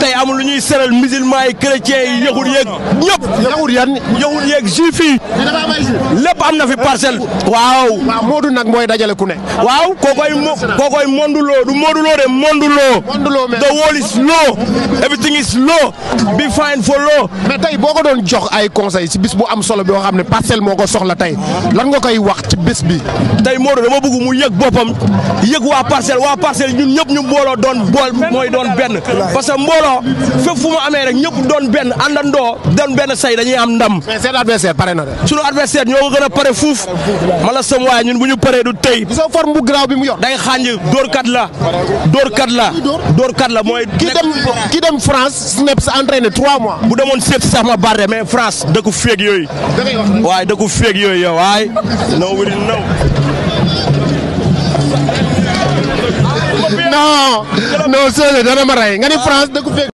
tey amul lu ñuy seral musulman yi chrétiens yi yahud yeeg ñëpp. yahud yan yahud yeeg juif yi lépp am na fi parcelle. waaw. Moodu nag mooy dajale ku ne. waaw kookoy mo kookoy Monduloo du Monduloo de Monduloo. Monduloo mais the world is law everything is law be for law. tey boo ko doon jox ay conseil si bis bu am solo bi nga xam ne parcelle moo ko soxla tey lan nga koy wax ci bés bi. tey Moodu dama bëgg mu yëg boppam yëg waa parcelle waa parcelle ñun ñëpp ñu mbooloo doon bool mooy doon benn parce non fépp fu mu amee rek ñëpp doon benn àndandoo doon benn say dañuy am ndam. mais seen adversaire pare na de. sunu adversaire ñoo gën a pare fuuf. ma la sëm waaye ñun bu ñu paree du tey. gisoo forme bu garaaw bi mu yor. day xànj dóorkat la. dóorkat la dóorkat la mooy. ki dem ki dem France Snep sa entraîné trois mois. bu demoon seet sax ma barre mais France dëkku féeg yooyu. waaye dëkku féeg yooyu yow waaye. no we didn't know. Não, não Seuss dana ma rey nga ni France dëkk fekk.